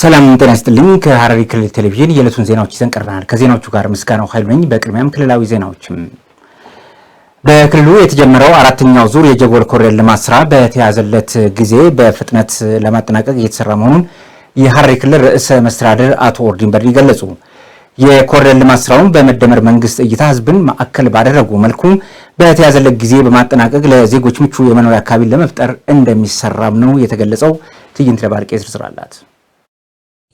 ሰላም ጤና ይስጥልኝ። ከሐረሪ ክልል ቴሌቪዥን የዕለቱን ዜናዎች ይዘን ቀርበናል። ከዜናዎቹ ጋር ምስጋናው ኃይሉ ነኝ። በቅድሚያም ክልላዊ ዜናዎችም በክልሉ የተጀመረው አራተኛው ዙር የጀጎል ኮሪደር ልማት ስራ በተያዘለት ጊዜ በፍጥነት ለማጠናቀቅ እየተሰራ መሆኑን የሐረሪ ክልል ርዕሰ መስተዳድር አቶ ኦርዲን በድሪ ገለጹ። የኮሪደር ልማት ስራውን በመደመር መንግስት እይታ ህዝብን ማዕከል ባደረጉ መልኩ በተያዘለት ጊዜ በማጠናቀቅ ለዜጎች ምቹ የመኖሪያ አካባቢ ለመፍጠር እንደሚሰራም ነው የተገለጸው። ትዕይንት ለባልቄ ዝርዝር አላት።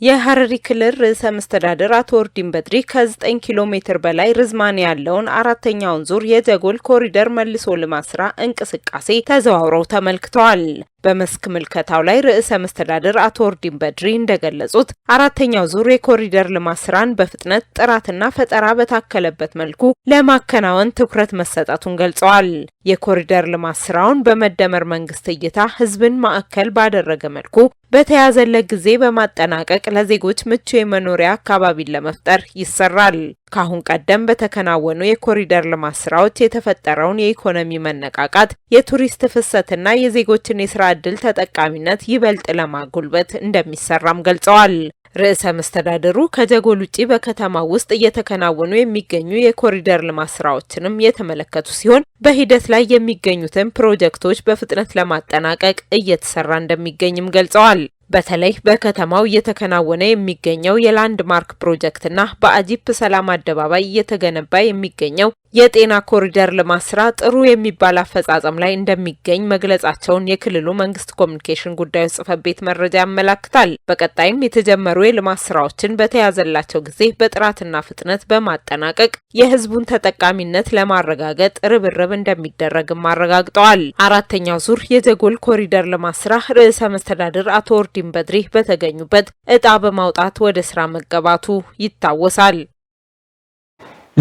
የሀረሪ ክልል ርዕሰ መስተዳድር አቶ ወርዲን በድሪ ከ9 ኪሎ ሜትር በላይ ርዝማን ያለውን አራተኛውን ዙር የደጎል ኮሪደር መልሶ ልማት ስራ እንቅስቃሴ ተዘዋውረው ተመልክተዋል። በመስክ ምልከታው ላይ ርዕሰ መስተዳድር አቶ ወርዲን በድሪ እንደገለጹት አራተኛው ዙር የኮሪደር ልማት ስራን በፍጥነት ጥራትና ፈጠራ በታከለበት መልኩ ለማከናወን ትኩረት መሰጠቱን ገልጸዋል። የኮሪደር ልማት ስራውን በመደመር መንግስት እይታ ህዝብን ማዕከል ባደረገ መልኩ በተያዘለት ጊዜ በማጠናቀቅ ለዜጎች ምቹ የመኖሪያ አካባቢን ለመፍጠር ይሰራል። ከአሁን ቀደም በተከናወኑ የኮሪደር ልማት ስራዎች የተፈጠረውን የኢኮኖሚ መነቃቃት፣ የቱሪስት ፍሰትና የዜጎችን የስራ ዕድል ተጠቃሚነት ይበልጥ ለማጎልበት እንደሚሰራም ገልጸዋል። ርዕሰ መስተዳድሩ ከጀጎል ውጪ በከተማ ውስጥ እየተከናወኑ የሚገኙ የኮሪደር ልማት ስራዎችንም የተመለከቱ ሲሆን በሂደት ላይ የሚገኙትን ፕሮጀክቶች በፍጥነት ለማጠናቀቅ እየተሰራ እንደሚገኝም ገልጸዋል። በተለይ በከተማው እየተከናወነ የሚገኘው የላንድማርክ ፕሮጀክትና በአጂፕ ሰላም አደባባይ እየተገነባ የሚገኘው የጤና ኮሪደር ልማት ስራ ጥሩ የሚባል አፈጻጸም ላይ እንደሚገኝ መግለጻቸውን የክልሉ መንግስት ኮሚኒኬሽን ጉዳዮች ጽህፈት ቤት መረጃ ያመላክታል። በቀጣይም የተጀመሩ የልማት ስራዎችን በተያዘላቸው ጊዜ በጥራትና ፍጥነት በማጠናቀቅ የህዝቡን ተጠቃሚነት ለማረጋገጥ ርብርብ እንደሚደረግም አረጋግጠዋል። አራተኛው ዙር የጀጎል ኮሪደር ልማት ስራ ርዕሰ መስተዳድር አቶ ኦርዲን በድሬ በተገኙበት እጣ በማውጣት ወደ ስራ መገባቱ ይታወሳል።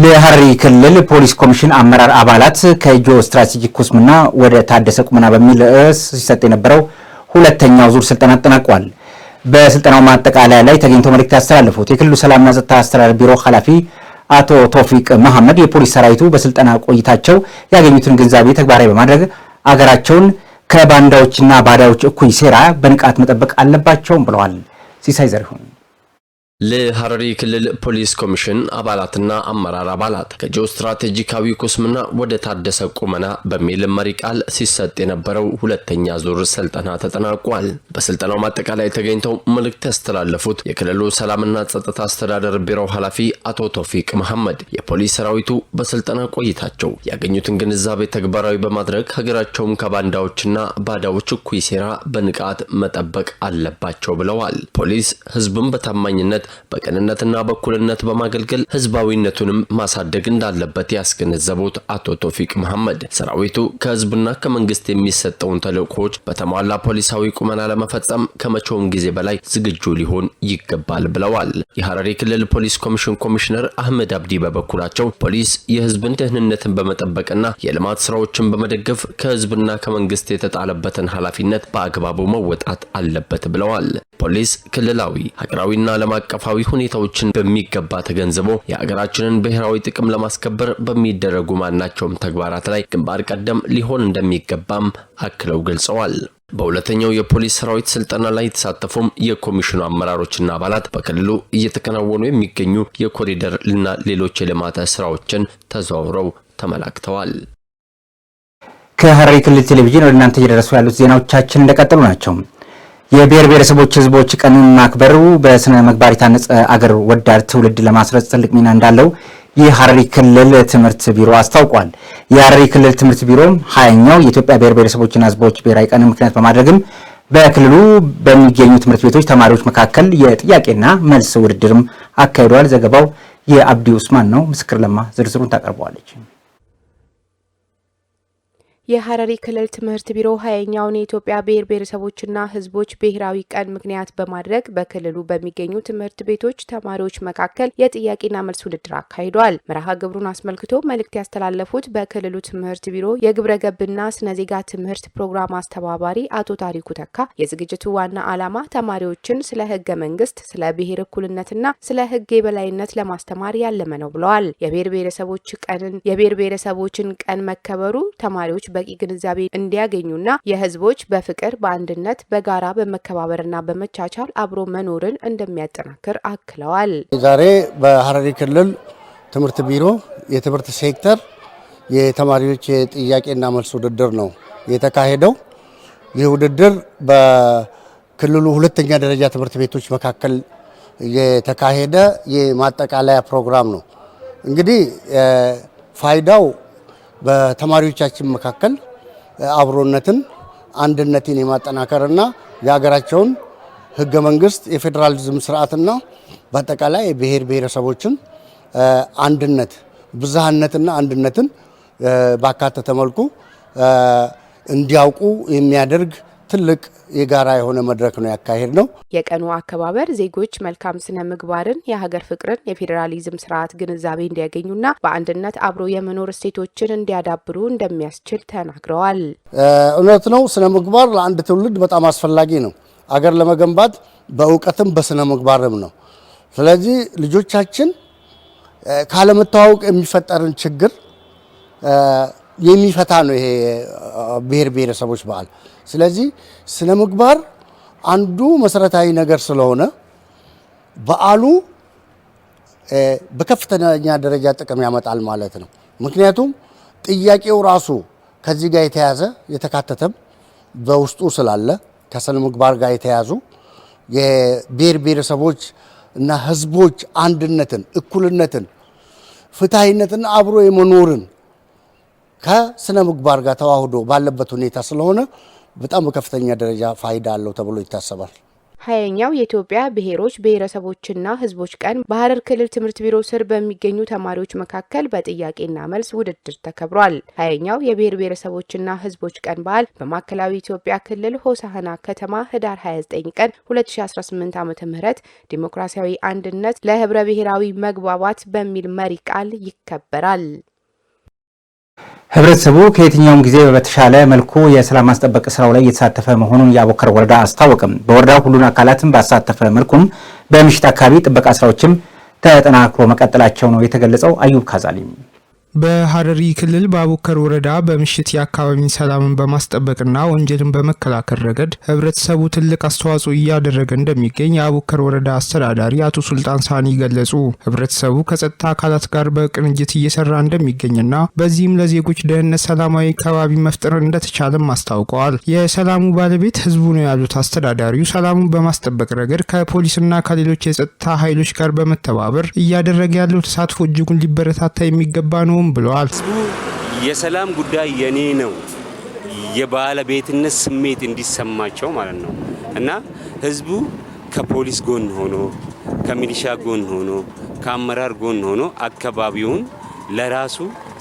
ለሐረሪ ክልል ፖሊስ ኮሚሽን አመራር አባላት ከጂኦ ስትራቴጂክ ኩስምና ወደ ታደሰ ቁመና በሚል ርዕስ ሲሰጥ የነበረው ሁለተኛው ዙር ስልጠና አጠናቋል። በስልጠናው ማጠቃለያ ላይ ተገኝቶ መልእክት ያስተላለፉት የክልሉ ሰላምና ጸጥታ አስተዳደር ቢሮ ኃላፊ አቶ ቶፊቅ መሐመድ የፖሊስ ሰራዊቱ በስልጠና ቆይታቸው ያገኙትን ግንዛቤ ተግባራዊ በማድረግ አገራቸውን ከባንዳዎችና ባዳዎች እኩይ ሴራ በንቃት መጠበቅ አለባቸውም ብለዋል። ሲሳይ ዘሪሁን ለሐረሪ ክልል ፖሊስ ኮሚሽን አባላትና አመራር አባላት ከጂኦ ስትራቴጂካዊ ኩስምና ወደ ታደሰ ቁመና በሚል መሪ ቃል ሲሰጥ የነበረው ሁለተኛ ዙር ስልጠና ተጠናቋል። በስልጠናው ማጠቃላይ ተገኝተው መልእክት ያስተላለፉት የክልሉ ሰላምና ጸጥታ አስተዳደር ቢሮው ኃላፊ አቶ ቶፊቅ መሐመድ የፖሊስ ሰራዊቱ በስልጠና ቆይታቸው ያገኙትን ግንዛቤ ተግባራዊ በማድረግ ሀገራቸውም ከባንዳዎችና ባዳዎች እኩይ ሴራ በንቃት መጠበቅ አለባቸው ብለዋል። ፖሊስ ህዝብን በታማኝነት በቅንነትና በኩልነት በማገልገል ህዝባዊነቱንም ማሳደግ እንዳለበት ያስገነዘቡት አቶ ቶፊቅ መሐመድ ሰራዊቱ ከህዝብና ከመንግስት የሚሰጠውን ተልእኮዎች በተሟላ ፖሊሳዊ ቁመና ለመፈጸም ከመቼውም ጊዜ በላይ ዝግጁ ሊሆን ይገባል ብለዋል። የሐረሪ ክልል ፖሊስ ኮሚሽን ኮሚሽነር አህመድ አብዲ በበኩላቸው ፖሊስ የህዝብን ደህንነትን በመጠበቅና የልማት ስራዎችን በመደገፍ ከህዝብና ከመንግስት የተጣለበትን ኃላፊነት በአግባቡ መወጣት አለበት ብለዋል። ፖሊስ ክልላዊ፣ ሀገራዊና ዓለም አቀፍ አቀፋዊ ሁኔታዎችን በሚገባ ተገንዝቦ የሀገራችንን ብሔራዊ ጥቅም ለማስከበር በሚደረጉ ማናቸውም ተግባራት ላይ ግንባር ቀደም ሊሆን እንደሚገባም አክለው ገልጸዋል። በሁለተኛው የፖሊስ ሰራዊት ስልጠና ላይ የተሳተፉም የኮሚሽኑ አመራሮችና አባላት በክልሉ እየተከናወኑ የሚገኙ የኮሪደር እና ሌሎች የልማት ስራዎችን ተዘዋውረው ተመላክተዋል። ከሐረሪ ክልል ቴሌቪዥን ወደ እናንተ እየደረሱ ያሉት ዜናዎቻችን እንደቀጠሉ ናቸው። የብሔር ብሔረሰቦች ህዝቦች ቀንን ማክበሩ በስነ ምግባር የታነጸ አገር ወዳድ ትውልድ ለማስረጽ ትልቅ ሚና እንዳለው የሐረሪ ክልል ትምህርት ቢሮ አስታውቋል። የሐረሪ ክልል ትምህርት ቢሮም ሀያኛው የኢትዮጵያ ብሔር ብሔረሰቦችና ህዝቦች ብሔራዊ ቀንን ምክንያት በማድረግም በክልሉ በሚገኙ ትምህርት ቤቶች ተማሪዎች መካከል የጥያቄና መልስ ውድድርም አካሂዷል። ዘገባው የአብዲ ኡስማን ነው። ምስክር ለማ ዝርዝሩን ታቀርበዋለች። የሐረሪ ክልል ትምህርት ቢሮ ሀያኛውን የኢትዮጵያ ብሔር ብሔረሰቦችና ሕዝቦች ብሔራዊ ቀን ምክንያት በማድረግ በክልሉ በሚገኙ ትምህርት ቤቶች ተማሪዎች መካከል የጥያቄና መልስ ውድድር አካሂዷል። መርሃ ግብሩን አስመልክቶ መልእክት ያስተላለፉት በክልሉ ትምህርት ቢሮ የግብረ ገብና ስነ ዜጋ ትምህርት ፕሮግራም አስተባባሪ አቶ ታሪኩ ተካ የዝግጅቱ ዋና ዓላማ ተማሪዎችን ስለ ህገ መንግስት፣ ስለ ብሔር እኩልነትና ስለ ህግ የበላይነት ለማስተማር ያለመ ነው ብለዋል። የብሔር ብሔረሰቦች ቀንን የብሔር ብሔረሰቦችን ቀን መከበሩ ተማሪዎች በቂ ግንዛቤ እንዲያገኙና የህዝቦች በፍቅር በአንድነት በጋራ በመከባበርና በመቻቻል አብሮ መኖርን እንደሚያጠናክር አክለዋል። ዛሬ በሀረሪ ክልል ትምህርት ቢሮ የትምህርት ሴክተር የተማሪዎች የጥያቄና መልስ ውድድር ነው የተካሄደው። ይህ ውድድር በክልሉ ሁለተኛ ደረጃ ትምህርት ቤቶች መካከል የተካሄደ የማጠቃለያ ፕሮግራም ነው። እንግዲህ ፋይዳው በተማሪዎቻችን መካከል አብሮነትን አንድነትን የማጠናከርና የሀገራቸውን ህገ መንግስት የፌዴራሊዝም ስርዓትና በአጠቃላይ የብሔር ብሔረሰቦችን አንድነት ብዝሃነትና አንድነትን ባካተተ መልኩ እንዲያውቁ የሚያደርግ ትልቅ የጋራ የሆነ መድረክ ነው ያካሄድ ነው። የቀኑ አከባበር ዜጎች መልካም ስነ ምግባርን፣ የሀገር ፍቅርን፣ የፌዴራሊዝም ስርዓት ግንዛቤ እንዲያገኙና በአንድነት አብሮ የመኖር እሴቶችን እንዲያዳብሩ እንደሚያስችል ተናግረዋል። እውነት ነው። ስነ ምግባር ለአንድ ትውልድ በጣም አስፈላጊ ነው። አገር ለመገንባት በእውቀትም በስነ ምግባርም ነው። ስለዚህ ልጆቻችን ካለመተዋወቅ የሚፈጠርን ችግር የሚፈታ ነው ይሄ ብሔር ብሔረሰቦች በዓል። ስለዚህ ስነ ምግባር አንዱ መሰረታዊ ነገር ስለሆነ በዓሉ በከፍተኛ ደረጃ ጥቅም ያመጣል ማለት ነው። ምክንያቱም ጥያቄው ራሱ ከዚህ ጋር የተያዘ የተካተተም በውስጡ ስላለ ከስነ ምግባር ጋር የተያዙ የብሔር ብሔረሰቦች እና ሕዝቦች አንድነትን፣ እኩልነትን፣ ፍትሐዊነትን አብሮ የመኖርን ከስነ ምግባር ጋር ተዋህዶ ባለበት ሁኔታ ስለሆነ በጣም በከፍተኛ ደረጃ ፋይዳ አለው ተብሎ ይታሰባል። ሀያኛው የኢትዮጵያ ብሔሮች ብሔረሰቦችና ሕዝቦች ቀን በሀረር ክልል ትምህርት ቢሮ ስር በሚገኙ ተማሪዎች መካከል በጥያቄና መልስ ውድድር ተከብሯል። ሀያኛው የብሔር ብሔረሰቦችና ሕዝቦች ቀን በዓል በማዕከላዊ ኢትዮጵያ ክልል ሆሳህና ከተማ ህዳር 29 ቀን 2018 ዓ ም ዲሞክራሲያዊ አንድነት ለህብረ ብሔራዊ መግባባት በሚል መሪ ቃል ይከበራል። ህብረተሰቡ ከየትኛውም ጊዜ በተሻለ መልኩ የሰላም ማስጠበቅ ስራው ላይ እየተሳተፈ መሆኑን የአቦከር ወረዳ አስታወቅም። በወረዳው ሁሉን አካላትን ባሳተፈ መልኩም በምሽት አካባቢ ጥበቃ ስራዎችም ተጠናክሮ መቀጠላቸው ነው የተገለጸው። አዩብ ካዛሊም በሀረሪ ክልል በአቡከር ወረዳ በምሽት የአካባቢን ሰላምን በማስጠበቅና ወንጀልን በመከላከል ረገድ ህብረተሰቡ ትልቅ አስተዋጽኦ እያደረገ እንደሚገኝ የአቡከር ወረዳ አስተዳዳሪ አቶ ሱልጣን ሳኒ ገለጹ። ህብረተሰቡ ከጸጥታ አካላት ጋር በቅንጅት እየሰራ እንደሚገኝና በዚህም ለዜጎች ደህንነት ሰላማዊ አካባቢ መፍጠር እንደተቻለም አስታውቀዋል። የሰላሙ ባለቤት ህዝቡ ነው ያሉት አስተዳዳሪው ሰላሙን በማስጠበቅ ረገድ ከፖሊስና ከሌሎች የጸጥታ ኃይሎች ጋር በመተባበር እያደረገ ያለው ተሳትፎ እጅጉን ሊበረታታ የሚገባ ነው አይሆኑም ብለዋል። ህዝቡ የሰላም ጉዳይ የኔ ነው የባለቤትነት ስሜት እንዲሰማቸው ማለት ነው እና ህዝቡ ከፖሊስ ጎን ሆኖ ከሚሊሻ ጎን ሆኖ ከአመራር ጎን ሆኖ አካባቢውን ለራሱ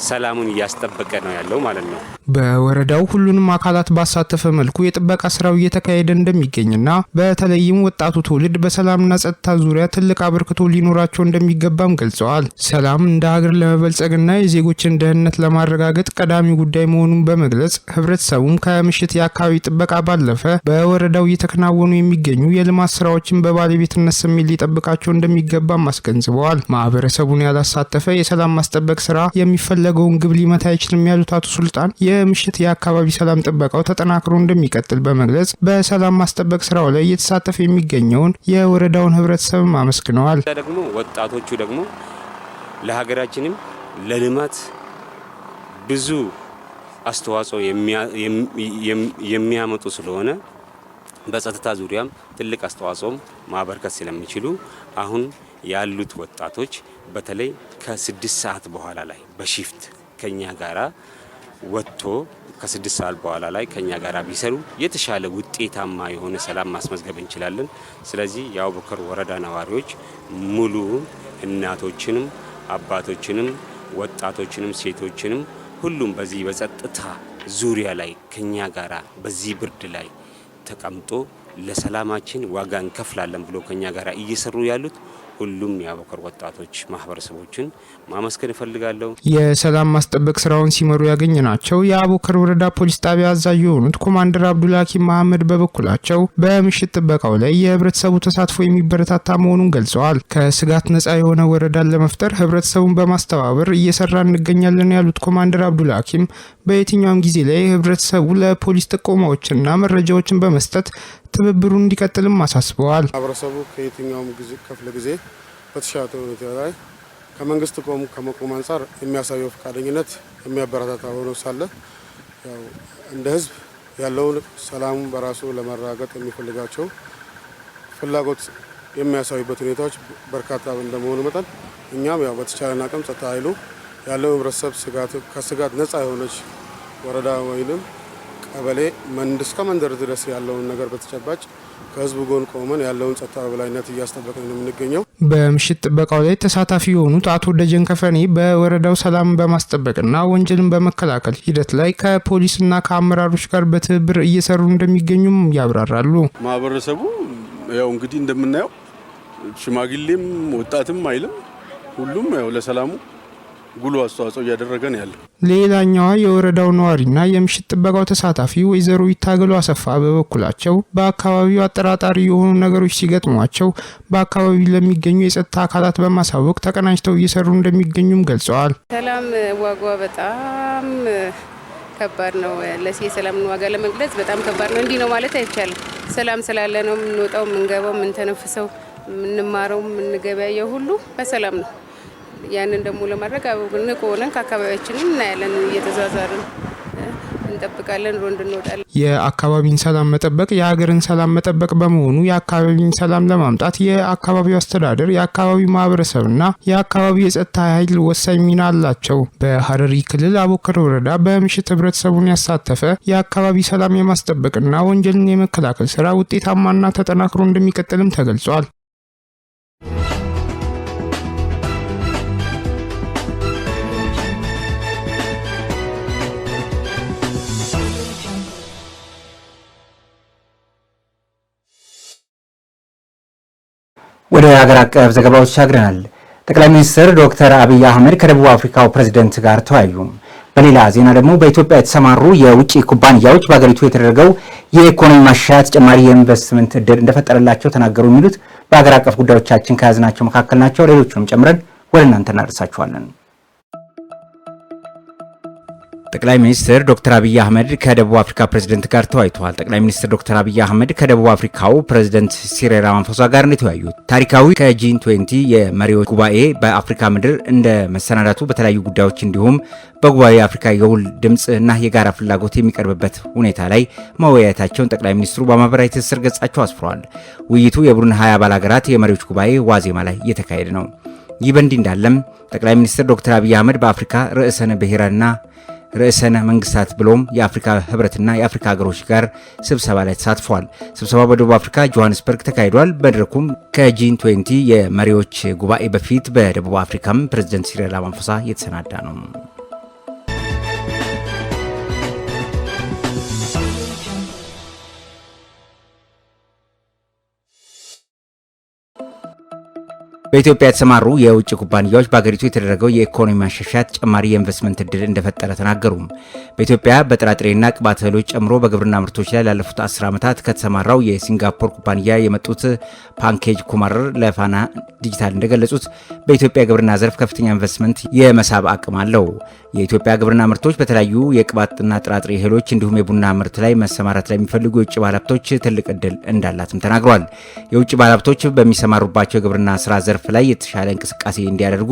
ሰላሙን እያስጠበቀ ነው ያለው ማለት ነው። በወረዳው ሁሉንም አካላት ባሳተፈ መልኩ የጥበቃ ስራው እየተካሄደ እንደሚገኝና በተለይም ወጣቱ ትውልድ በሰላምና ጸጥታ ዙሪያ ትልቅ አበርክቶ ሊኖራቸው እንደሚገባም ገልጸዋል። ሰላም እንደ ሀገር ለመበልጸግና የዜጎችን ደህንነት ለማረጋገጥ ቀዳሚ ጉዳይ መሆኑን በመግለጽ ህብረተሰቡም ከምሽት የአካባቢ ጥበቃ ባለፈ በወረዳው እየተከናወኑ የሚገኙ የልማት ስራዎችን በባለቤትነት ስሜት ሊጠብቃቸው እንደሚገባም አስገንዝበዋል። ማህበረሰቡን ያላሳተፈ የሰላም ማስጠበቅ ስራ የሚፈለግ የፈለገውን ግብ ሊመታ አይችልም ያሉት አቶ ሱልጣን የምሽት የአካባቢ ሰላም ጥበቃው ተጠናክሮ እንደሚቀጥል በመግለጽ በሰላም ማስጠበቅ ስራው ላይ እየተሳተፈ የሚገኘውን የወረዳውን ህብረተሰብም አመስግነዋል። ደግሞ ወጣቶቹ ደግሞ ለሀገራችንም ለልማት ብዙ አስተዋጽኦ የሚያመጡ ስለሆነ በጸጥታ ዙሪያም ትልቅ አስተዋጽኦም ማበርከት ስለሚችሉ አሁን ያሉት ወጣቶች በተለይ ከስድስት ሰዓት በኋላ ላይ በሺፍት ከኛ ጋራ ወጥቶ ከስድስት ሰዓት በኋላ ላይ ከኛ ጋር ቢሰሩ የተሻለ ውጤታማ የሆነ ሰላም ማስመዝገብ እንችላለን። ስለዚህ የአቡበከር ወረዳ ነዋሪዎች ሙሉ እናቶችንም፣ አባቶችንም፣ ወጣቶችንም፣ ሴቶችንም ሁሉም በዚህ በጸጥታ ዙሪያ ላይ ከኛ ጋራ በዚህ ብርድ ላይ ተቀምጦ ለሰላማችን ዋጋ እንከፍላለን ብሎ ከኛ ጋር እየሰሩ ያሉት ሁሉም የአቦከር ወጣቶች ማህበረሰቦችን ማመስገን እፈልጋለሁ። የሰላም ማስጠበቅ ስራውን ሲመሩ ያገኘ ናቸው የአቦከር ወረዳ ፖሊስ ጣቢያ አዛዥ የሆኑት ኮማንደር አብዱልሀኪም መሀመድ በበኩላቸው በምሽት ጥበቃው ላይ የህብረተሰቡ ተሳትፎ የሚበረታታ መሆኑን ገልጸዋል። ከስጋት ነጻ የሆነ ወረዳን ለመፍጠር ህብረተሰቡን በማስተባበር እየሰራ እንገኛለን ያሉት ኮማንደር አብዱልሀኪም በየትኛውም ጊዜ ላይ ህብረተሰቡ ለፖሊስ ጥቆማዎችና መረጃዎችን በመስጠት ትብብሩ እንዲቀጥልም አሳስበዋል። ማህበረሰቡ ከየትኛውም ክፍለ ጊዜ በተሻለ ሁኔታ ላይ ከመንግስት ቆም ከመቆም አንጻር የሚያሳየው ፈቃደኝነት የሚያበረታታ ሆኖ ሳለ ያው እንደ ህዝብ ያለውን ሰላሙ በራሱ ለመረጋገጥ የሚፈልጋቸው ፍላጎት የሚያሳዩበት ሁኔታዎች በርካታ እንደመሆኑ መጠን እኛም ያው በተቻለን አቅም ጸጥታ ኃይሉ ያለው ህብረተሰብ ከስጋት ነጻ የሆነች ወረዳ ወይንም ቀበሌ እስከ መንደር ድረስ ያለውን ነገር በተጨባጭ ከህዝብ ጎን ቆመን ያለውን ጸጥታ በላይነት እያስጠበቅን ነው የምንገኘው። በምሽት ጥበቃው ላይ ተሳታፊ የሆኑት አቶ ደጀን ከፈኔ በወረዳው ሰላም በማስጠበቅና ወንጀልን በመከላከል ሂደት ላይ ከፖሊስና ከአመራሮች ጋር በትብብር እየሰሩ እንደሚገኙም ያብራራሉ። ማህበረሰቡ ያው እንግዲህ እንደምናየው ሽማግሌም ወጣትም አይልም፣ ሁሉም ያው ለሰላሙ ጉሎ አስተዋጽኦ እያደረገ ነው ያለው። ሌላኛዋ የወረዳው ነዋሪና የምሽት ጥበቃው ተሳታፊ ወይዘሮ ይታገሉ አሰፋ በበኩላቸው በአካባቢው አጠራጣሪ የሆኑ ነገሮች ሲገጥሟቸው በአካባቢው ለሚገኙ የጸጥታ አካላት በማሳወቅ ተቀናጅተው እየሰሩ እንደሚገኙም ገልጸዋል። ሰላም ዋጓ በጣም ከባድ ነው። ለሴ የሰላምን ዋጋ ለመግለጽ በጣም ከባድ ነው። እንዲህ ነው ማለት አይቻልም። ሰላም ስላለ ነው የምንወጣው፣ የምንገባው፣ የምንተነፍሰው፣ የምንማረው፣ የምንገበያየው ሁሉ በሰላም ነው። ያንን ደግሞ ለማድረግ ንቁ ሆነን ከአካባቢያችንም እናያለን እየተዟዟርን እንጠብቃለን። ሮ እንድንወጣለን። የአካባቢን ሰላም መጠበቅ የሀገርን ሰላም መጠበቅ በመሆኑ የአካባቢን ሰላም ለማምጣት የአካባቢው አስተዳደር፣ የአካባቢው ማህበረሰብና የአካባቢው የጸጥታ ኃይል ወሳኝ ሚና አላቸው። በሀረሪ ክልል አቦከር ወረዳ በምሽት ህብረተሰቡን ያሳተፈ የአካባቢ ሰላም የማስጠበቅና ወንጀልን የመከላከል ስራ ውጤታማና ተጠናክሮ እንደሚቀጥልም ተገልጿል። ወደ ሀገር አቀፍ ዘገባዎች ተሻግረናል። ጠቅላይ ሚኒስትር ዶክተር አብይ አህመድ ከደቡብ አፍሪካው ፕሬዝደንት ጋር ተወያዩ። በሌላ ዜና ደግሞ በኢትዮጵያ የተሰማሩ የውጭ ኩባንያዎች በሀገሪቱ የተደረገው የኢኮኖሚ ማሻሻያ ተጨማሪ የኢንቨስትመንት እድል እንደፈጠረላቸው ተናገሩ። የሚሉት በሀገር አቀፍ ጉዳዮቻችን ከያዝናቸው መካከል ናቸው። ሌሎቹንም ጨምረን ወደ እናንተ እናደርሳችኋለን። ጠቅላይ ሚኒስትር ዶክተር አብይ አህመድ ከደቡብ አፍሪካ ፕሬዝደንት ጋር ተወያይተዋል። ጠቅላይ ሚኒስትር ዶክተር አብይ አህመድ ከደቡብ አፍሪካው ፕሬዝደንት ሲሪል ራማፎሳ ጋር ነው የተወያዩት። ታሪካዊ ከጂን 20 የመሪዎች ጉባኤ በአፍሪካ ምድር እንደ መሰናዳቱ በተለያዩ ጉዳዮች እንዲሁም በጉባኤ የአፍሪካ የውል ድምፅ እና የጋራ ፍላጎት የሚቀርብበት ሁኔታ ላይ መወያየታቸውን ጠቅላይ ሚኒስትሩ በማህበራዊ ትስስር ገጻቸው አስፍረዋል። ውይይቱ የቡድን ሀያ አባል ሀገራት የመሪዎች ጉባኤ ዋዜማ ላይ እየተካሄደ ነው። ይህ በእንዲህ እንዳለም ጠቅላይ ሚኒስትር ዶክተር አብይ አህመድ በአፍሪካ ርዕሰነ ብሔራና ርዕሰነ መንግስታት ብሎም የአፍሪካ ህብረትና የአፍሪካ ሀገሮች ጋር ስብሰባ ላይ ተሳትፏል። ስብሰባው በደቡብ አፍሪካ ጆሃንስበርግ ተካሂዷል። መድረኩም ከጂን 20 የመሪዎች ጉባኤ በፊት በደቡብ አፍሪካም ፕሬዚደንት ሲሪል ራማፎሳ የተሰናዳ ነው። በኢትዮጵያ የተሰማሩ የውጭ ኩባንያዎች በሀገሪቱ የተደረገው የኢኮኖሚ ማሻሻያ ተጨማሪ የኢንቨስትመንት እድል እንደፈጠረ ተናገሩ። በኢትዮጵያ በጥራጥሬና ቅባት እህሎች ጨምሮ በግብርና ምርቶች ላይ ላለፉት 10 ዓመታት ከተሰማራው የሲንጋፖር ኩባንያ የመጡት ፓንኬጅ ኩማር ለፋና ዲጂታል እንደገለጹት በኢትዮጵያ ግብርና ዘርፍ ከፍተኛ ኢንቨስትመንት የመሳብ አቅም አለው። የኢትዮጵያ ግብርና ምርቶች በተለያዩ የቅባትና ጥራጥሬ እህሎች እንዲሁም የቡና ምርት ላይ መሰማራት ላይ የሚፈልጉ የውጭ ባለሀብቶች ትልቅ እድል እንዳላትም ተናግሯል። የውጭ ባለሀብቶች በሚሰማሩባቸው የግብርና ስራ ዘርፍ ዘርፍ ላይ የተሻለ እንቅስቃሴ እንዲያደርጉ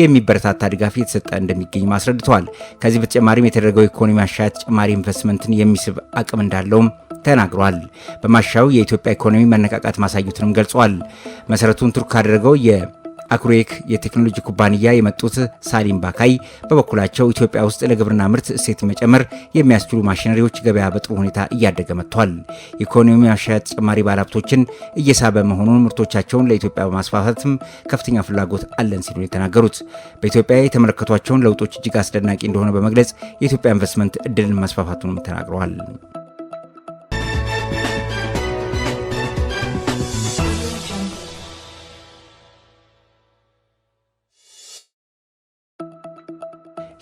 የሚበረታታ ድጋፍ እየተሰጠ እንደሚገኝ አስረድተዋል። ከዚህ በተጨማሪም የተደረገው ኢኮኖሚ ማሻሻያ ተጨማሪ ኢንቨስትመንትን የሚስብ አቅም እንዳለውም ተናግሯል። በማሻው የኢትዮጵያ ኢኮኖሚ መነቃቃት ማሳየቱንም ገልጿል። መሰረቱን ቱርክ ካደረገው የ አግሮኤክ የቴክኖሎጂ ኩባንያ የመጡት ሳሊም ባካይ በበኩላቸው ኢትዮጵያ ውስጥ ለግብርና ምርት እሴት መጨመር የሚያስችሉ ማሽነሪዎች ገበያ በጥሩ ሁኔታ እያደገ መጥቷል። ኢኮኖሚ ማሻያ ተጨማሪ ባለሀብቶችን እየሳበ መሆኑን ምርቶቻቸውን ለኢትዮጵያ በማስፋፋትም ከፍተኛ ፍላጎት አለን ሲሉ የተናገሩት በኢትዮጵያ የተመለከቷቸውን ለውጦች እጅግ አስደናቂ እንደሆነ በመግለጽ የኢትዮጵያ ኢንቨስትመንት እድልን ማስፋፋቱንም ተናግረዋል።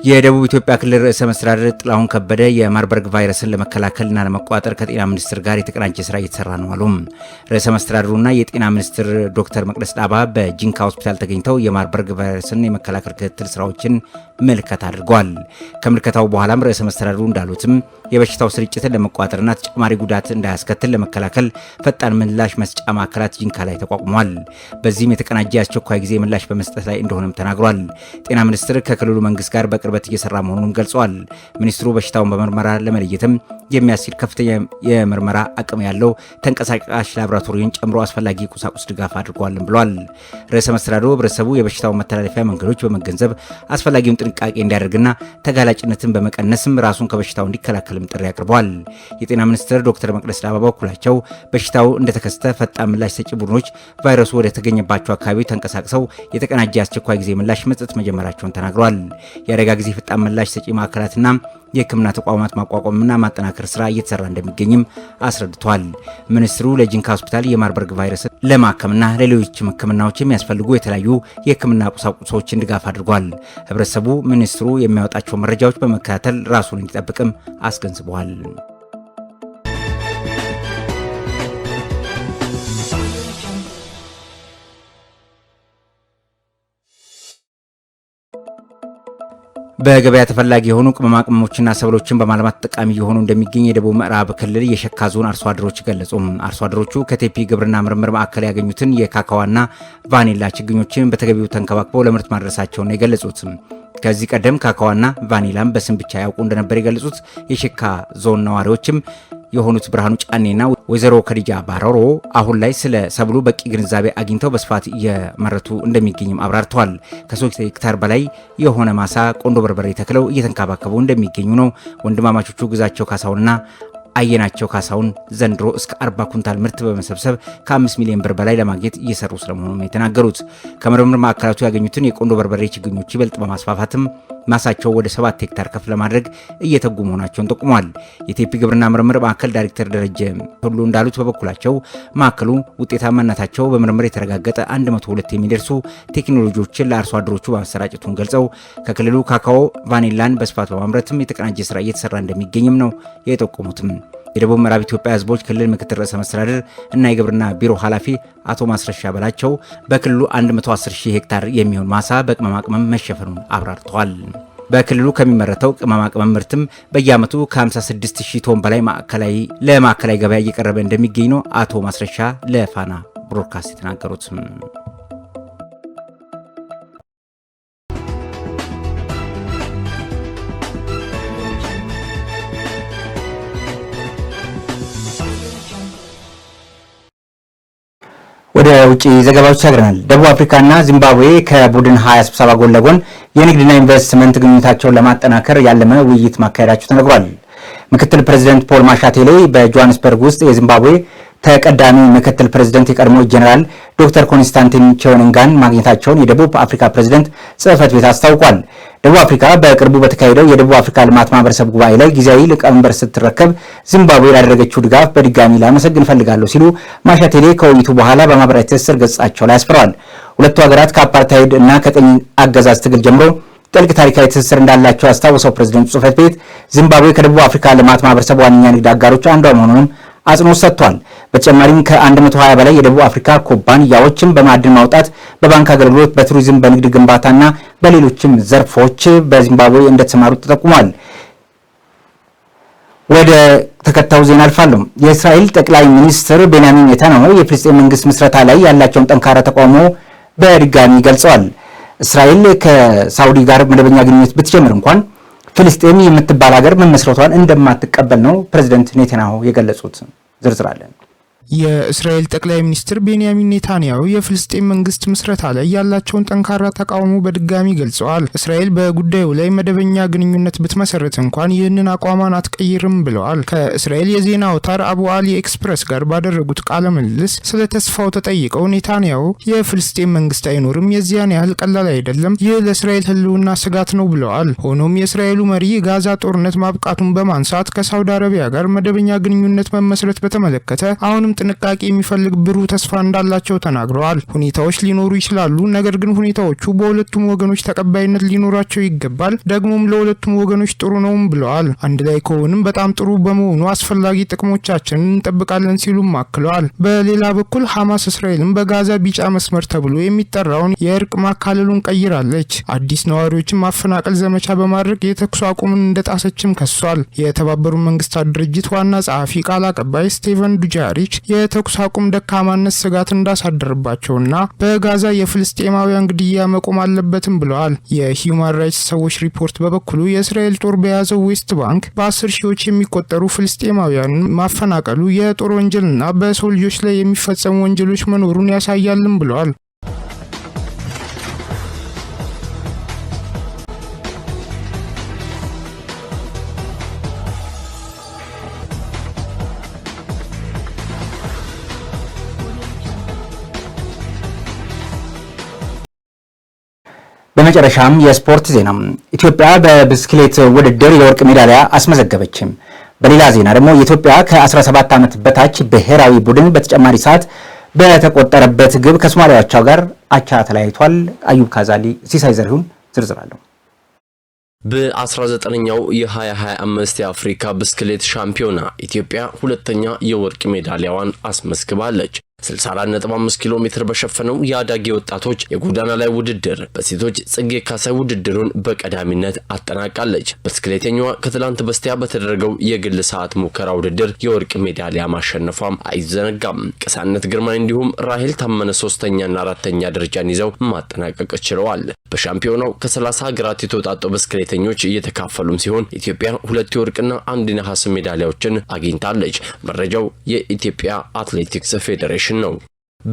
የደቡብ ኢትዮጵያ ክልል ርዕሰ መስተዳድር ጥላሁን ከበደ የማርበርግ ቫይረስን ለመከላከልና ለመቆጣጠር ከጤና ሚኒስትር ጋር የተቀናጀ ስራ እየተሰራ ነው አሉ። ርዕሰ መስተዳድሩና የጤና ሚኒስትር ዶክተር መቅደስ ዳባ በጂንካ ሆስፒታል ተገኝተው የማርበርግ ቫይረስን የመከላከል ክትትል ስራዎችን ምልከት አድርጓል። ከምልከታው በኋላም ርዕሰ መስተዳድሩ እንዳሉትም የበሽታው ስርጭትን ለመቋጠርና ተጨማሪ ጉዳት እንዳያስከትል ለመከላከል ፈጣን ምላሽ መስጫ ማዕከላት ጂንካ ላይ ተቋቁሟል። በዚህም የተቀናጀ አስቸኳይ ጊዜ ምላሽ በመስጠት ላይ እንደሆነም ተናግሯል። ጤና ሚኒስትር ከክልሉ መንግስት ጋር በቅርብ በቅርበት እየሰራ መሆኑን ገልጸዋል። ሚኒስትሩ በሽታውን በምርመራ ለመለየትም የሚያስችል ከፍተኛ የምርመራ አቅም ያለው ተንቀሳቃሽ ላብራቶሪን ጨምሮ አስፈላጊ ቁሳቁስ ድጋፍ አድርጓልም ብሏል። ርዕሰ መስተዳድሩ ህብረተሰቡ የበሽታውን መተላለፊያ መንገዶች በመገንዘብ አስፈላጊውን ጥንቃቄ እንዲያደርግና ተጋላጭነትን በመቀነስም ራሱን ከበሽታው እንዲከላከልም ጥሪ አቅርበዋል። የጤና ሚኒስትር ዶክተር መቅደስ ዳባ በበኩላቸው በሽታው እንደተከሰተ ፈጣን ምላሽ ሰጪ ቡድኖች ቫይረሱ ወደ ተገኘባቸው አካባቢ ተንቀሳቅሰው የተቀናጀ አስቸኳይ ጊዜ ምላሽ መስጠት መጀመራቸውን ተናግረዋል። የአደጋ ጊዜ ፈጣን ምላሽ ሰጪ ማዕከላትና የሕክምና ተቋማት ማቋቋምና ማጠናከር ስራ እየተሰራ እንደሚገኝም አስረድቷል። ሚኒስትሩ ለጂንካ ሆስፒታል የማርበርግ ቫይረስ ለማከምና ለሌሎችም ሕክምናዎች የሚያስፈልጉ የተለያዩ የሕክምና ቁሳቁሶችን ድጋፍ አድርጓል። ህብረተሰቡ ሚኒስትሩ የሚያወጣቸው መረጃዎች በመከታተል ራሱን እንዲጠብቅም አስገንዝበዋል። በገበያ ተፈላጊ የሆኑ ቅመማ ቅመሞችና ሰብሎችን በማልማት ጠቃሚ የሆኑ እንደሚገኝ የደቡብ ምዕራብ ክልል የሸካ ዞን አርሶ አደሮች ገለጹ። አርሶ አደሮቹ ከቴፒ ግብርና ምርምር ማዕከል ያገኙትን የካካዋና ቫኒላ ችግኞችን በተገቢው ተንከባክበው ለምርት ማድረሳቸውን ነው የገለጹት። ከዚህ ቀደም ካካዋና ቫኒላም በስም ብቻ ያውቁ እንደነበር የገለጹት የሸካ ዞን ነዋሪዎችም የሆኑት ብርሃኑ ጫኔና ወይዘሮ ከዲጃ ባረሮ አሁን ላይ ስለ ሰብሉ በቂ ግንዛቤ አግኝተው በስፋት እየመረቱ እንደሚገኝም አብራርተዋል። ከሶስት ሄክታር በላይ የሆነ ማሳ ቆንዶ በርበሬ ተክለው እየተንከባከቡ እንደሚገኙ ነው ወንድማማቾቹ ግዛቸው ካሳውንና አየናቸው ካሳውን ዘንድሮ እስከ 40 ኩንታል ምርት በመሰብሰብ ከ5 ሚሊዮን ብር በላይ ለማግኘት እየሰሩ ስለመሆኑ ነው የተናገሩት። ከምርምር ማዕከላቱ ያገኙትን የቆንዶ በርበሬ ችግኞች ይበልጥ በማስፋፋትም ማሳቸው ወደ ሰባት ሄክታር ከፍ ለማድረግ እየተጉ መሆናቸውን ጠቁመዋል። የቴፒ ግብርና ምርምር ማዕከል ዳይሬክተር ደረጀ ሁሉ እንዳሉት በበኩላቸው ማዕከሉ ውጤታማነታቸው በምርምር የተረጋገጠ 102 የሚደርሱ ቴክኖሎጂዎችን ለአርሶ አደሮቹ ማሰራጨቱን ገልጸው ከክልሉ ካካኦ ቫኒላን በስፋት በማምረትም የተቀናጀ ስራ እየተሰራ እንደሚገኝም ነው የጠቆሙትም። የደቡብ ምዕራብ ኢትዮጵያ ህዝቦች ክልል ምክትል ርዕሰ መስተዳድር እና የግብርና ቢሮ ኃላፊ አቶ ማስረሻ በላቸው በክልሉ 110 ሺህ ሄክታር የሚሆን ማሳ በቅመማ ቅመም መሸፈኑን አብራርተዋል። በክልሉ ከሚመረተው ቅመማ ቅመም ምርትም በየዓመቱ ከ56 ሺህ ቶን በላይ ማዕከላዊ ለማዕከላዊ ገበያ እየቀረበ እንደሚገኝ ነው አቶ ማስረሻ ለፋና ብሮድካስት የተናገሩት። ወደ ውጭ ዘገባዎች ተሻግረናል። ደቡብ አፍሪካና ዚምባብዌ ከቡድን ሀያ ስብሰባ ጎን ለጎን የንግድና ኢንቨስትመንት ግንኙነታቸውን ለማጠናከር ያለመ ውይይት ማካሄዳቸው ተነግሯል። ምክትል ፕሬዚደንት ፖል ማሻቴሌ በጆሃንስበርግ ውስጥ የዚምባብዌ ተቀዳሚ ምክትል ፕሬዚደንት የቀድሞ ጀኔራል ዶክተር ኮንስታንቲን ኪዮንንጋን ማግኘታቸውን የደቡብ አፍሪካ ፕሬዝደንት ጽህፈት ቤት አስታውቋል። ደቡብ አፍሪካ በቅርቡ በተካሄደው የደቡብ አፍሪካ ልማት ማህበረሰብ ጉባኤ ላይ ጊዜያዊ ሊቀመንበር ስትረከብ ዚምባብዌ ላደረገችው ድጋፍ በድጋሚ ላመሰግን እፈልጋለሁ ሲሉ ማሻቴሌ ከውይይቱ በኋላ በማህበራዊ ትስስር ገጻቸው ላይ አስፍረዋል። ሁለቱ ሀገራት ከአፓርታይድ እና ከቅኝ አገዛዝ ትግል ጀምሮ ጥልቅ ታሪካዊ ትስስር እንዳላቸው ያስታወሰው ፕሬዚደንቱ ጽህፈት ቤት ዚምባብዌ ከደቡብ አፍሪካ ልማት ማህበረሰብ ዋነኛ ንግድ አጋሮች አንዷ መሆኑንም አጽንኦት ሰጥቷል። በተጨማሪም ከ120 በላይ የደቡብ አፍሪካ ኩባንያዎችን በማዕድን ማውጣት፣ በባንክ አገልግሎት፣ በቱሪዝም፣ በንግድ ግንባታና በሌሎችም ዘርፎች በዚምባብዌ እንደተሰማሩ ተጠቁሟል። ወደ ተከታዩ ዜና አልፋለሁ። የእስራኤል ጠቅላይ ሚኒስትር ቤንያሚን ኔታንያሁ የፍልስጤም መንግስት ምስረታ ላይ ያላቸውን ጠንካራ ተቃውሞ በድጋሚ ገልጸዋል። እስራኤል ከሳውዲ ጋር መደበኛ ግንኙነት ብትጀምር እንኳን ፍልስጤም የምትባል ሀገር መመስረቷን እንደማትቀበል ነው ፕሬዚደንት ኔታንያሁ የገለጹት። ዝርዝር አለን። የእስራኤል ጠቅላይ ሚኒስትር ቤንያሚን ኔታንያሁ የፍልስጤም መንግስት ምስረታ ላይ ያላቸውን ጠንካራ ተቃውሞ በድጋሚ ገልጸዋል። እስራኤል በጉዳዩ ላይ መደበኛ ግንኙነት ብትመሰረት እንኳን ይህንን አቋሟን አትቀይርም ብለዋል። ከእስራኤል የዜና አውታር አቡ አሊ ኤክስፕረስ ጋር ባደረጉት ቃለ ምልልስ ስለ ተስፋው ተጠይቀው ኔታንያሁ የፍልስጤም መንግስት አይኖርም፣ የዚያን ያህል ቀላል አይደለም፣ ይህ ለእስራኤል ህልውና ስጋት ነው ብለዋል። ሆኖም የእስራኤሉ መሪ የጋዛ ጦርነት ማብቃቱን በማንሳት ከሳውዲ አረቢያ ጋር መደበኛ ግንኙነት መመስረት በተመለከተ አሁንም ጥንቃቄ የሚፈልግ ብሩህ ተስፋ እንዳላቸው ተናግረዋል። ሁኔታዎች ሊኖሩ ይችላሉ፣ ነገር ግን ሁኔታዎቹ በሁለቱም ወገኖች ተቀባይነት ሊኖራቸው ይገባል፣ ደግሞም ለሁለቱም ወገኖች ጥሩ ነውም ብለዋል። አንድ ላይ ከሆንም በጣም ጥሩ በመሆኑ አስፈላጊ ጥቅሞቻችንን እንጠብቃለን ሲሉም አክለዋል። በሌላ በኩል ሐማስ እስራኤልን በጋዛ ቢጫ መስመር ተብሎ የሚጠራውን የእርቅ ማካለሉን ቀይራለች። አዲስ ነዋሪዎችን ማፈናቀል ዘመቻ በማድረግ የተኩስ አቁምን እንደጣሰችም ከሷል። የተባበሩት መንግስታት ድርጅት ዋና ጸሐፊ ቃል አቀባይ ስቴቨን ዱጃሪች የተኩስ አቁም ደካማነት ስጋት እንዳሳደረባቸውና በጋዛ የፍልስጤማውያን ግድያ መቆም አለበትም ብለዋል። የሂውማን ራይትስ ሰዎች ሪፖርት በበኩሉ የእስራኤል ጦር በያዘው ዌስት ባንክ በአስር ሺዎች የሚቆጠሩ ፍልስጤማውያን ማፈናቀሉ የጦር ወንጀልና በሰው ልጆች ላይ የሚፈጸሙ ወንጀሎች መኖሩን ያሳያልም ብለዋል። በመጨረሻም የስፖርት ዜና። ኢትዮጵያ በብስክሌት ውድድር የወርቅ ሜዳሊያ አስመዘገበች። በሌላ ዜና ደግሞ የኢትዮጵያ ከ17 ዓመት በታች ብሔራዊ ቡድን በተጨማሪ ሰዓት በተቆጠረበት ግብ ከሶማሊያዎቿ ጋር አቻ ተለያይቷል። አዩብ ካዛሊ ሲሳይ ዘሪሁን ዝርዝራለሁ። በ19ኛው የ2025 የአፍሪካ ብስክሌት ሻምፒዮና ኢትዮጵያ ሁለተኛ የወርቅ ሜዳሊያዋን አስመዝግባለች። 64.5 ኪሎ ሜትር በሸፈነው የአዳጊ ወጣቶች የጎዳና ላይ ውድድር በሴቶች ጽጌ ካሳይ ውድድሩን በቀዳሚነት አጠናቃለች። ብስክሌተኛዋ ከትላንት በስቲያ በተደረገው የግል ሰዓት ሙከራ ውድድር የወርቅ ሜዳሊያ ማሸነፏም አይዘነጋም። ቅሳነት ግርማ እንዲሁም ራሄል ታመነ ሶስተኛና አራተኛ ደረጃን ይዘው ማጠናቀቅ ችለዋል። በሻምፒዮናው ከ30 ሀገራት የተውጣጡ ብስክሌተኞች እየተካፈሉም ሲሆን ኢትዮጵያ ሁለት የወርቅና አንድ ነሐስ ሜዳሊያዎችን አግኝታለች። መረጃው የኢትዮጵያ አትሌቲክስ ፌዴሬሽን know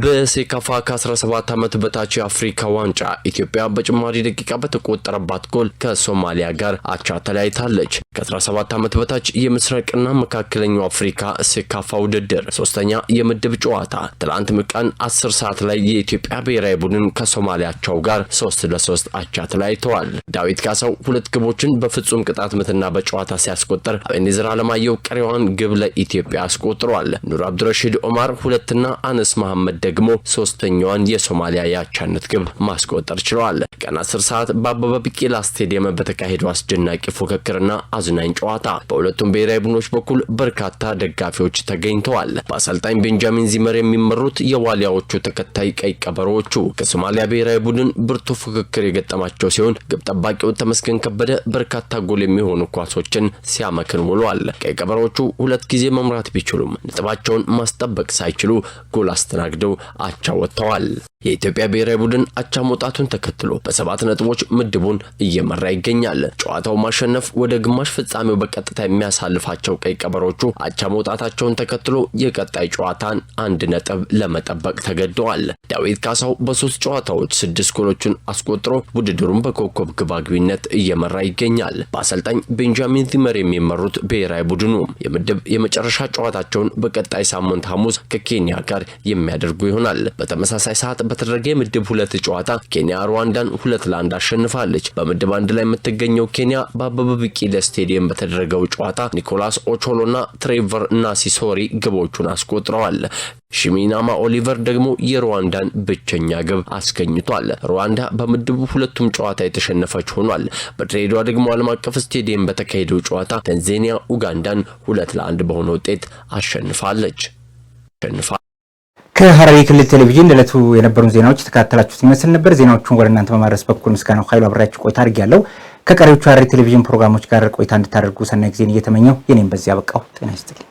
በሴካፋ ከ17 ዓመት በታች የአፍሪካ ዋንጫ ኢትዮጵያ በጭማሪ ደቂቃ በተቆጠረባት ጎል ከሶማሊያ ጋር አቻ ተለያይታለች። ከ17 ዓመት በታች የምስራቅና መካከለኛው አፍሪካ ሴካፋ ውድድር ሶስተኛ የምድብ ጨዋታ ትላንት ምቀን 10 ሰዓት ላይ የኢትዮጵያ ብሔራዊ ቡድን ከሶማሊያቸው ጋር 3 ለ3 አቻ ተለያይተዋል። ዳዊት ካሳው ሁለት ግቦችን በፍጹም ቅጣት ምትና በጨዋታ ሲያስቆጠር፣ አቤኔዘር አለማየሁ ቀሪዋን ግብ ለኢትዮጵያ አስቆጥሯል። ኑር አብዱረሺድ ኦማር ሁለትና አነስ መሐመድ በመርዳት ደግሞ ሶስተኛዋን የሶማሊያ የአቻነት ግብ ማስቆጠር ችለዋል። ቀን 10 ሰዓት በአበበ ቢቂላ ስቴዲየም በተካሄደው አስደናቂ ፉክክርና አዝናኝ ጨዋታ በሁለቱም ብሔራዊ ቡድኖች በኩል በርካታ ደጋፊዎች ተገኝተዋል። በአሰልጣኝ ቤንጃሚን ዚመር የሚመሩት የዋሊያዎቹ ተከታይ ቀይ ቀበሮዎቹ ከሶማሊያ ብሔራዊ ቡድን ብርቱ ፉክክር የገጠማቸው ሲሆን ግብ ጠባቂው ተመስገን ከበደ በርካታ ጎል የሚሆኑ ኳሶችን ሲያመክን ውሏል። ቀይ ቀበሮዎቹ ሁለት ጊዜ መምራት ቢችሉም ነጥባቸውን ማስጠበቅ ሳይችሉ ጎል አስተናግደው ተስተናግደው አቻ ወጥተዋል። የኢትዮጵያ ብሔራዊ ቡድን አቻ መውጣቱን ተከትሎ በሰባት ነጥቦች ምድቡን እየመራ ይገኛል። ጨዋታው ማሸነፍ ወደ ግማሽ ፍጻሜው በቀጥታ የሚያሳልፋቸው ቀይ ቀበሮቹ አቻ መውጣታቸውን ተከትሎ የቀጣይ ጨዋታን አንድ ነጥብ ለመጠበቅ ተገደዋል። ዳዊት ካሳው በሶስት ጨዋታዎች ስድስት ጎሎችን አስቆጥሮ ውድድሩን በኮከብ ግባግቢነት እየመራ ይገኛል። በአሰልጣኝ ቤንጃሚን ዚመር የሚመሩት ብሔራዊ ቡድኑ የምድብ የመጨረሻ ጨዋታቸውን በቀጣይ ሳምንት ሐሙስ ከኬንያ ጋር የሚያደርጉ ያደርጉ ይሆናል። በተመሳሳይ ሰዓት በተደረገ የምድብ ሁለት ጨዋታ ኬንያ ሩዋንዳን ሁለት ለአንድ አሸንፋለች። በምድብ አንድ ላይ የምትገኘው ኬንያ በአበበ ቢቂለ ስቴዲየም በተደረገው ጨዋታ ኒኮላስ ኦቾሎና ትሬቨር ናሲሶሪ ግቦቹን አስቆጥረዋል። ሽሚናማ ኦሊቨር ደግሞ የሩዋንዳን ብቸኛ ግብ አስገኝቷል። ሩዋንዳ በምድቡ ሁለቱም ጨዋታ የተሸነፈች ሆኗል። በድሬዳዋ ደግሞ ዓለም አቀፍ ስቴዲየም በተካሄደው ጨዋታ ታንዛኒያ ኡጋንዳን ሁለት ለአንድ በሆነ ውጤት አሸንፋለች ከሐረሪ ክልል ቴሌቪዥን ለዕለቱ የነበሩን ዜናዎች የተከታተላችሁት ይመስል ነበር። ዜናዎቹን ወደ እናንተ በማድረስ በኩል ምስጋናው ኃይሉ አብሬያችሁ ቆይታ አድርጌያለሁ። ከቀሪዎቹ ሐረሪ ቴሌቪዥን ፕሮግራሞች ጋር ቆይታ እንድታደርጉ ሰናይ ጊዜን እየተመኘው የኔም በዚያ አበቃው። ጤና ይስጥልኝ።